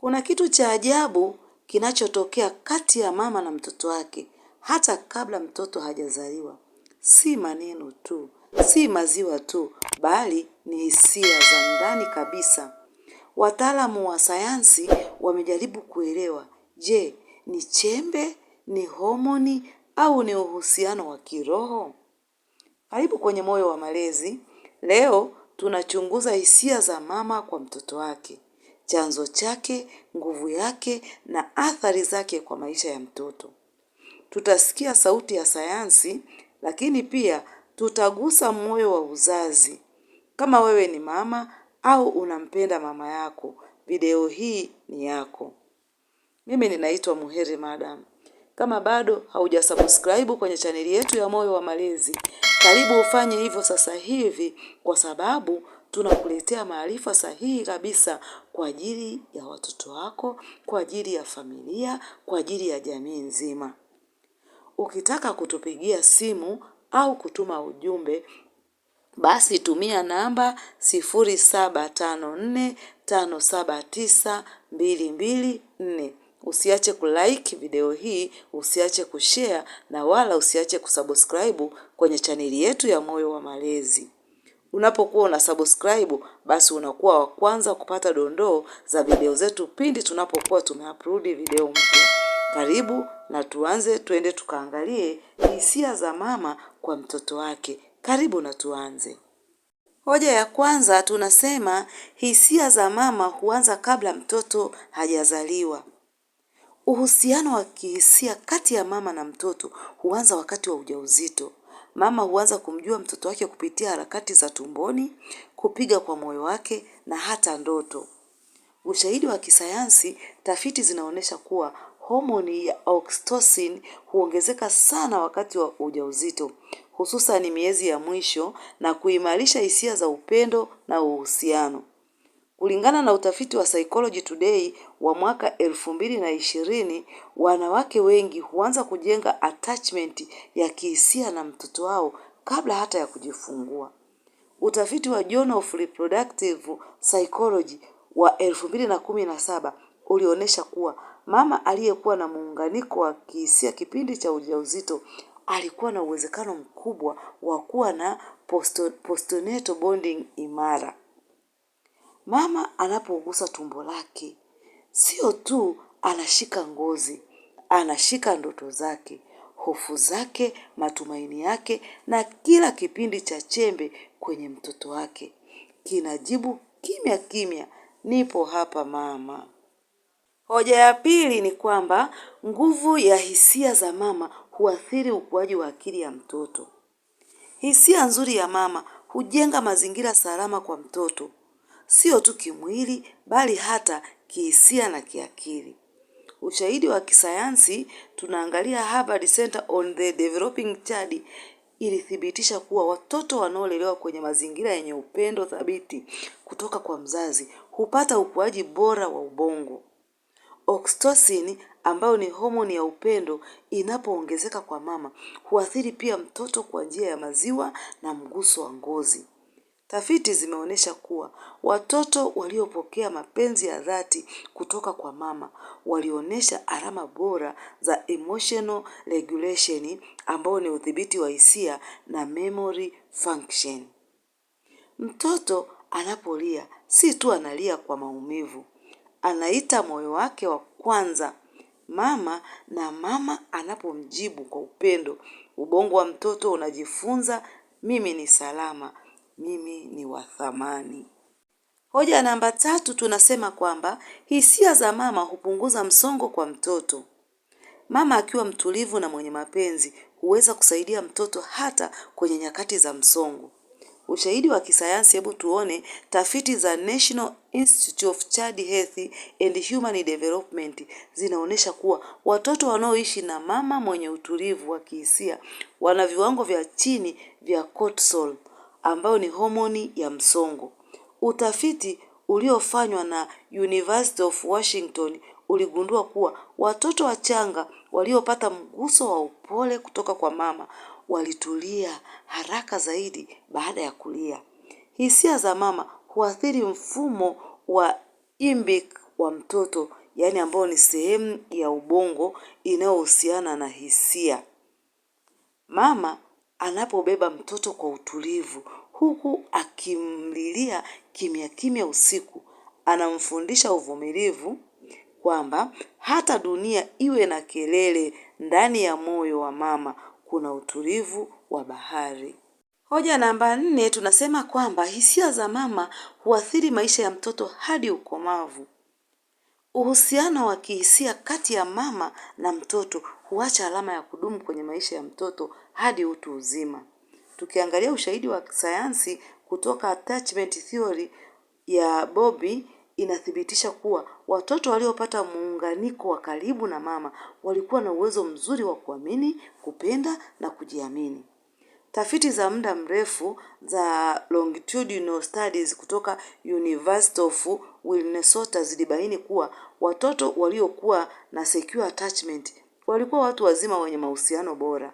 Kuna kitu cha ajabu kinachotokea kati ya mama na mtoto wake hata kabla mtoto hajazaliwa. Si maneno tu, si maziwa tu, bali ni hisia za ndani kabisa. Wataalamu wa sayansi wamejaribu kuelewa, je, ni chembe, ni homoni au ni uhusiano wa kiroho? Karibu kwenye Moyo wa Malezi. Leo tunachunguza hisia za mama kwa mtoto wake chanzo chake, nguvu yake na athari zake kwa maisha ya mtoto. Tutasikia sauti ya sayansi, lakini pia tutagusa moyo wa uzazi. Kama wewe ni mama au unampenda mama yako, video hii ni yako. Mimi ninaitwa Muheri Madam. Kama bado haujasubscribe kwenye chaneli yetu ya Moyo wa Malezi, karibu ufanye hivyo sasa hivi kwa sababu tunakuletea maarifa sahihi kabisa kwa ajili ya watoto wako, kwa ajili ya familia, kwa ajili ya jamii nzima. Ukitaka kutupigia simu au kutuma ujumbe, basi tumia namba 0754579224. Usiache kulike video hii, usiache kushare na wala usiache kusubscribe kwenye chaneli yetu ya Moyo wa Malezi. Unapokuwa una subscribe basi unakuwa wa kwanza kupata dondoo za video zetu pindi tunapokuwa tumeupload video mpya. Karibu na tuanze, twende tukaangalie hisia za mama kwa mtoto wake. Karibu na tuanze. Hoja ya kwanza tunasema hisia za mama huanza kabla mtoto hajazaliwa. Uhusiano wa kihisia kati ya mama na mtoto huanza wakati wa ujauzito. Mama huanza kumjua mtoto wake kupitia harakati za tumboni, kupiga kwa moyo wake na hata ndoto. Ushahidi wa kisayansi, tafiti zinaonyesha kuwa homoni ya oxytocin huongezeka sana wakati wa ujauzito, hususan miezi ya mwisho na kuimarisha hisia za upendo na uhusiano. Kulingana na utafiti wa Psychology Today wa mwaka elfu mbili na ishirini, wanawake wengi huanza kujenga attachment ya kihisia na mtoto wao kabla hata ya kujifungua. Utafiti wa Journal of Reproductive Psychology wa elfu mbili na kumi na saba ulionyesha kuwa mama aliyekuwa na muunganiko wa kihisia kipindi cha ujauzito alikuwa na uwezekano mkubwa wa kuwa na postnatal bonding imara. Mama anapogusa tumbo lake, sio tu anashika ngozi, anashika ndoto zake, hofu zake, matumaini yake, na kila kipindi cha chembe kwenye mtoto wake kinajibu kimya kimya, nipo hapa mama. Hoja ya pili ni kwamba nguvu ya hisia za mama huathiri ukuaji wa akili ya mtoto. Hisia nzuri ya mama hujenga mazingira salama kwa mtoto sio tu kimwili, bali hata kihisia na kiakili. Ushahidi wa kisayansi tunaangalia Harvard Center on the Developing Child ilithibitisha kuwa watoto wanaolelewa kwenye mazingira yenye upendo thabiti kutoka kwa mzazi hupata ukuaji bora wa ubongo. Oxytocin ambayo ni homoni ya upendo inapoongezeka kwa mama huathiri pia mtoto kwa njia ya maziwa na mguso wa ngozi. Tafiti zimeonyesha kuwa watoto waliopokea mapenzi ya dhati kutoka kwa mama walionyesha alama bora za emotional regulation ambao ni udhibiti wa hisia na memory function. Mtoto anapolia si tu analia kwa maumivu, anaita moyo wake wa kwanza mama, na mama anapomjibu kwa upendo, ubongo wa mtoto unajifunza mimi ni salama, mimi ni wa thamani. Hoja namba tatu tunasema kwamba hisia za mama hupunguza msongo kwa mtoto. Mama akiwa mtulivu na mwenye mapenzi huweza kusaidia mtoto hata kwenye nyakati za msongo. Ushahidi wa kisayansi, hebu tuone tafiti za National Institute of Child Health and Human Development zinaonyesha kuwa watoto wanaoishi na mama mwenye utulivu wa kihisia wana viwango vya chini vya cortisol ambayo ni homoni ya msongo. Utafiti uliofanywa na University of Washington uligundua kuwa watoto wachanga waliopata mguso wa upole kutoka kwa mama walitulia haraka zaidi baada ya kulia. Hisia za mama huathiri mfumo wa limbic wa mtoto, yaani ambao ni sehemu ya ubongo inayohusiana na hisia. Mama anapobeba mtoto kwa utulivu, huku akimlilia kimya kimya usiku. Anamfundisha uvumilivu kwamba hata dunia iwe na kelele, ndani ya moyo wa mama kuna utulivu wa bahari. Hoja namba nne tunasema kwamba hisia za mama huathiri maisha ya mtoto hadi ukomavu. Uhusiano wa kihisia kati ya mama na mtoto huacha alama ya kudumu kwenye maisha ya mtoto hadi utu uzima. Tukiangalia ushahidi wa kisayansi kutoka attachment theory ya Bobby inathibitisha kuwa watoto waliopata muunganiko wa karibu na mama walikuwa na uwezo mzuri wa kuamini, kupenda na kujiamini. Tafiti za muda mrefu za longitudinal studies kutoka University of Minnesota zilibaini kuwa watoto waliokuwa na secure attachment walikuwa watu wazima wenye mahusiano bora.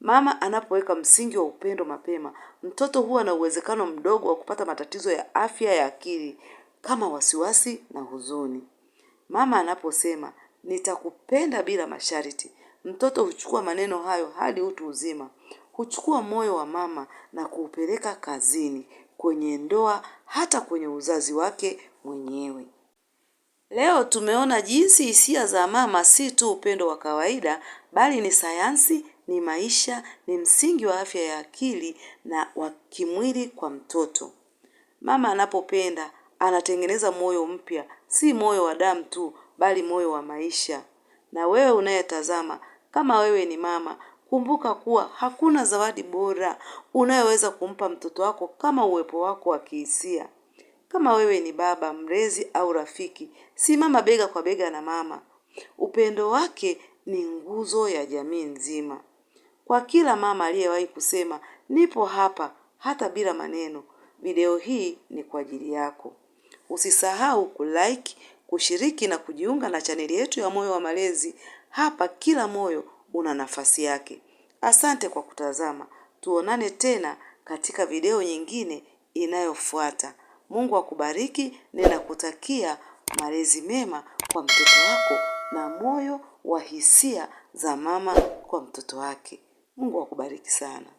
Mama anapoweka msingi wa upendo mapema, mtoto huwa na uwezekano mdogo wa kupata matatizo ya afya ya akili kama wasiwasi na huzuni. Mama anaposema nitakupenda bila masharti, mtoto huchukua maneno hayo hadi utu uzima huchukua moyo wa mama na kuupeleka kazini, kwenye ndoa, hata kwenye uzazi wake mwenyewe. Leo tumeona jinsi hisia za mama si tu upendo wa kawaida, bali ni sayansi, ni maisha, ni msingi wa afya ya akili na wa kimwili kwa mtoto. Mama anapopenda anatengeneza moyo mpya, si moyo wa damu tu, bali moyo wa maisha. Na wewe unayetazama, kama wewe ni mama, Kumbuka kuwa hakuna zawadi bora unayoweza kumpa mtoto wako kama uwepo wako wa kihisia. Kama wewe ni baba, mlezi au rafiki, simama bega kwa bega na mama. Upendo wake ni nguzo ya jamii nzima. Kwa kila mama aliyewahi kusema, nipo hapa hata bila maneno, video hii ni kwa ajili yako. Usisahau kulike, kushiriki na kujiunga na chaneli yetu ya Moyo wa Malezi. Hapa kila moyo una nafasi yake. Asante kwa kutazama. Tuonane tena katika video nyingine inayofuata. Mungu akubariki, ninakutakia malezi mema kwa mtoto wako na moyo wa hisia za mama kwa mtoto wake. Mungu akubariki sana.